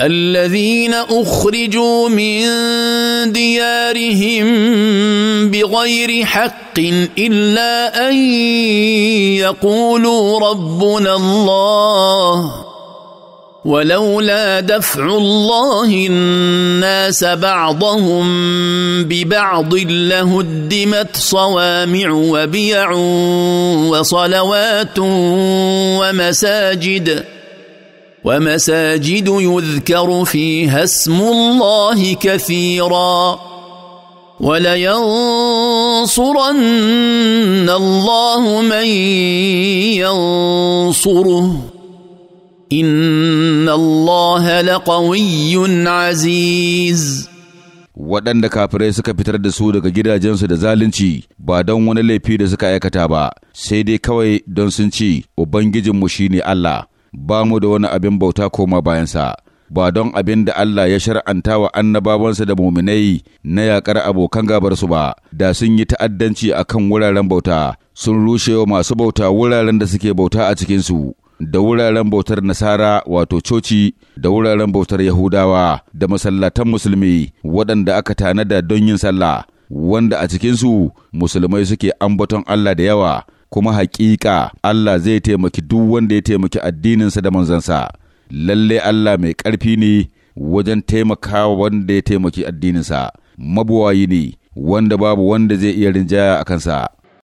الذين اخرجوا من ديارهم بغير حق الا ان يقولوا ربنا الله ولولا دفع الله الناس بعضهم ببعض لهدمت صوامع وبيع وصلوات ومساجد ومساجد يذكر فيها اسم الله كثيرا ولينصرن الله من ينصره ان الله لقوي عزيز waɗanda kafirai suka fitar da su daga gidajensu da zalunci ba don wani laifi da suka aikata ba sai dai kawai don sun ce ubangijinmu shine Allah ba mu da wani abin bauta koma bayansa ba don abin da Allah ya shar'anta wa annabawansa da muminai na yaƙar abokan gabarsu ba da sun yi ta'addanci a kan wuraren bauta sun rushe wa masu bauta wuraren da suke bauta a cikinsu da wuraren bautar Nasara wato coci da wuraren bautar Yahudawa da masallatan musulmi waɗanda aka tanada don yin sallah wanda a cikinsu musulmai suke ambaton Allah da yawa kuma haƙiƙa Allah zai taimaki duk wanda ya taimaki addininsa da manzansa lalle Allah mai ƙarfi ne wajen taimakawa wanda ya taimaki addininsa mabuwayi ne wanda babu wanda zai iya rinjaya a kansa